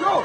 Go!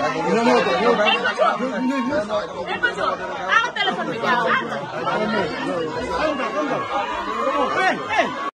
téléphone bi